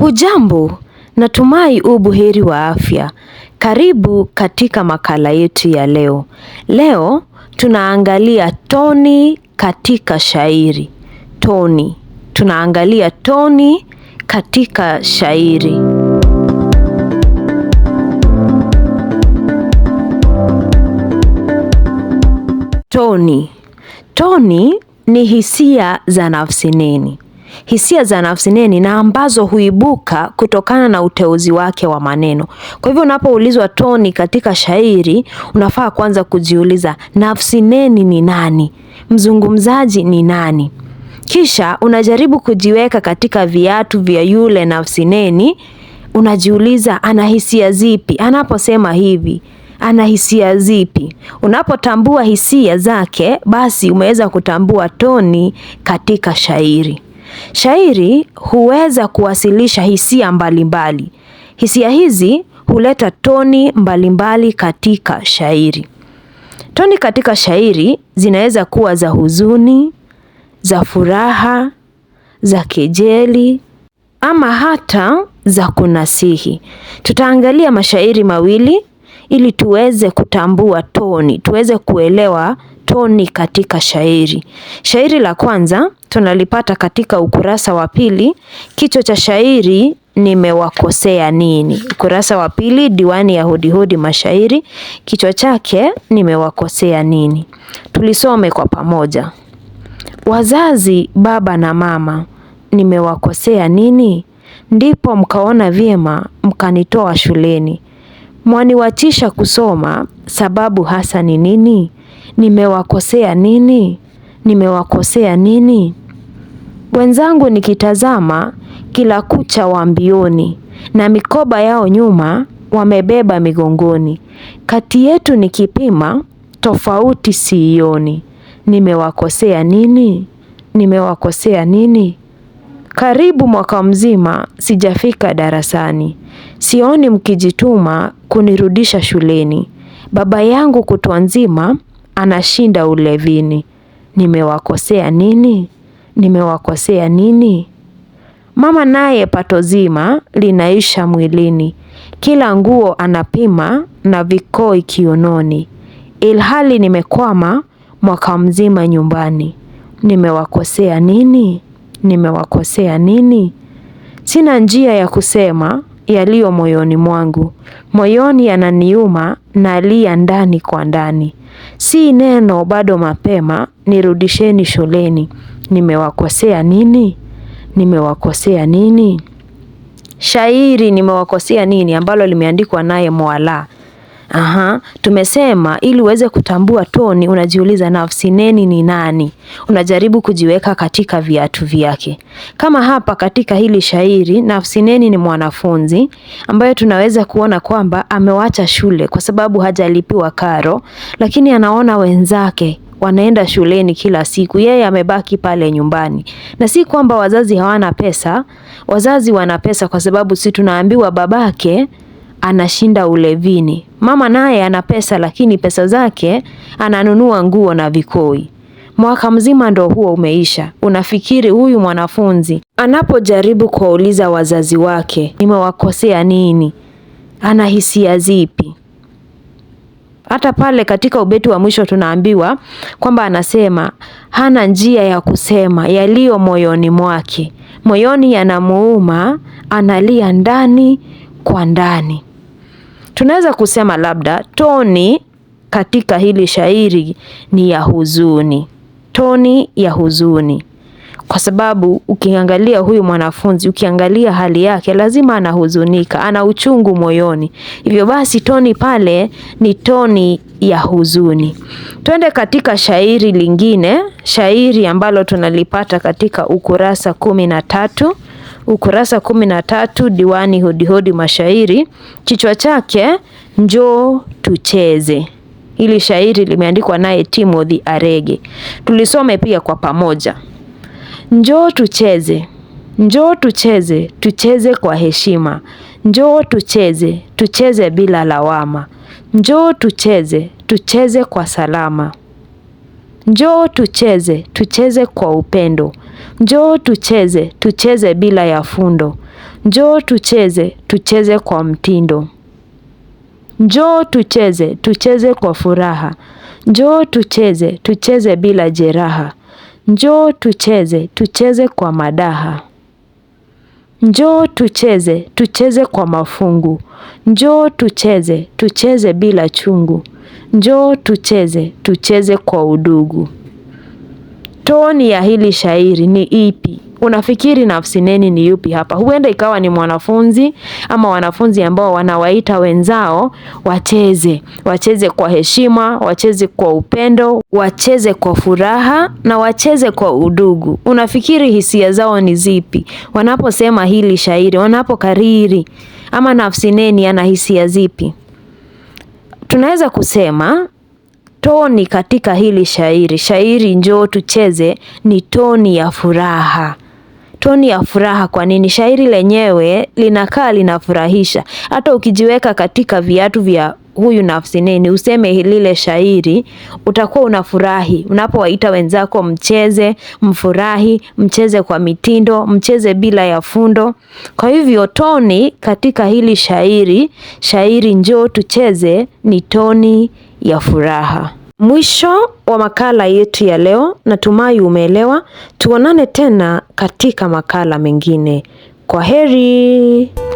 Hujambo, natumai u buheri wa afya. Karibu katika makala yetu ya leo. Leo tunaangalia toni katika shairi. Toni, tunaangalia toni katika shairi. Toni, toni ni hisia za nafsi nini? hisia za nafsi neni na ambazo huibuka kutokana na uteuzi wake wa maneno. Kwa hivyo unapoulizwa toni katika shairi, unafaa kwanza kujiuliza nafsi neni ni nani? Mzungumzaji ni nani? Kisha unajaribu kujiweka katika viatu vya yule nafsi neni. Unajiuliza ana hisia zipi anaposema hivi, ana hisia zipi? Unapotambua hisia zake, basi umeweza kutambua toni katika shairi. Shairi huweza kuwasilisha hisia mbalimbali mbali. Hisia hizi huleta toni mbalimbali mbali katika shairi. Toni katika shairi zinaweza kuwa za huzuni, za furaha, za kejeli ama hata za kunasihi. Tutaangalia mashairi mawili ili tuweze kutambua toni, tuweze kuelewa utotoni katika shairi. Shairi la kwanza tunalipata katika ukurasa wa pili, kichwa cha shairi nimewakosea nini? Ukurasa wa pili, diwani ya hodihodi Mashairi, kichwa chake nimewakosea nini? Tulisome kwa pamoja. Wazazi, baba na mama, nimewakosea nini? Ndipo mkaona vyema mkanitoa shuleni. Mwaniwachisha kusoma, sababu hasa ni nini? nimewakosea nini? Nimewakosea nini? Wenzangu nikitazama kila kucha wa mbioni na mikoba yao nyuma wamebeba migongoni. Kati yetu nikipima tofauti siioni. Nimewakosea nini? Nimewakosea nini? Karibu mwaka mzima sijafika darasani. Sioni mkijituma kunirudisha shuleni. Baba yangu kutwa nzima anashinda ulevini. Nimewakosea nini? Nimewakosea nini? Mama naye pato zima linaisha mwilini, kila nguo anapima na vikoi kiunoni, ilhali nimekwama mwaka mzima nyumbani. Nimewakosea nini? Nimewakosea nini? Sina njia ya kusema yaliyo moyoni mwangu, moyoni yananiuma na lia ndani kwa ndani. Si neno bado mapema, nirudisheni shuleni. Nimewakosea nini? Nimewakosea nini? Shairi nimewakosea nini ambalo limeandikwa naye Mwalaa. Aha, tumesema ili uweze kutambua toni unajiuliza nafsi neni ni nani, unajaribu kujiweka katika viatu vyake. Kama hapa katika hili shairi, nafsi neni ni mwanafunzi ambaye tunaweza kuona kwamba amewacha shule kwa sababu hajalipiwa karo, lakini anaona wenzake wanaenda shuleni kila siku, yeye amebaki pale nyumbani. Na si kwamba wazazi hawana pesa, wazazi wana pesa, kwa sababu si tunaambiwa babake anashinda ulevini. Mama naye ana pesa, lakini pesa zake ananunua nguo na vikoi. Mwaka mzima ndo huo umeisha. Unafikiri huyu mwanafunzi anapojaribu kuwauliza wazazi wake, nimewakosea nini, ana hisia zipi? Hata pale katika ubeti wa mwisho tunaambiwa kwamba anasema hana njia ya kusema yaliyo moyoni mwake, moyoni yanamuuma, analia ndani kwa ndani. Tunaweza kusema labda toni katika hili shairi ni ya huzuni, toni ya huzuni, kwa sababu ukiangalia huyu mwanafunzi, ukiangalia hali yake, lazima anahuzunika, ana uchungu moyoni. Hivyo basi toni pale ni toni ya huzuni. Twende katika shairi lingine, shairi ambalo tunalipata katika ukurasa kumi na tatu ukurasa kumi na tatu diwani hodihodi mashairi, kichwa chake njoo tucheze. Hili shairi limeandikwa naye Timothy Arege, tulisome pia kwa pamoja. Njoo tucheze, njoo tucheze, tucheze kwa heshima. Njoo tucheze, tucheze bila lawama. Njoo tucheze, tucheze kwa salama. Njoo tucheze, tucheze kwa upendo. Njoo tucheze, tucheze bila ya fundo. Njoo tucheze, tucheze kwa mtindo. Njoo tucheze, tucheze kwa furaha. Njoo tucheze, tucheze bila jeraha. Njoo tucheze, tucheze kwa madaha. Njoo tucheze, tucheze kwa mafungu. Njoo tucheze, tucheze bila chungu. Njoo tucheze, tucheze kwa udugu toni ya hili shairi ni ipi? Unafikiri nafsi neni ni yupi hapa? Huenda ikawa ni mwanafunzi ama wanafunzi ambao wanawaita wenzao wacheze, wacheze kwa heshima, wacheze kwa upendo, wacheze kwa furaha na wacheze kwa udugu. Unafikiri hisia zao ni zipi wanaposema hili shairi, wanapokariri? Ama nafsi neni ana hisia zipi? Tunaweza kusema toni katika hili shairi. Shairi njoo tucheze ni toni ya furaha toni ya furaha. Kwa nini? Shairi lenyewe linakaa linafurahisha. Hata ukijiweka katika viatu vya huyu nafsi nini, useme lile shairi, utakuwa unafurahi. Unapowaita wenzako mcheze, mfurahi, mcheze kwa mitindo, mcheze bila ya fundo. Kwa hivyo toni katika hili shairi, shairi njoo tucheze, ni toni ya furaha. Mwisho wa makala yetu ya leo, natumai umeelewa. Tuonane tena katika makala mengine. Kwa heri.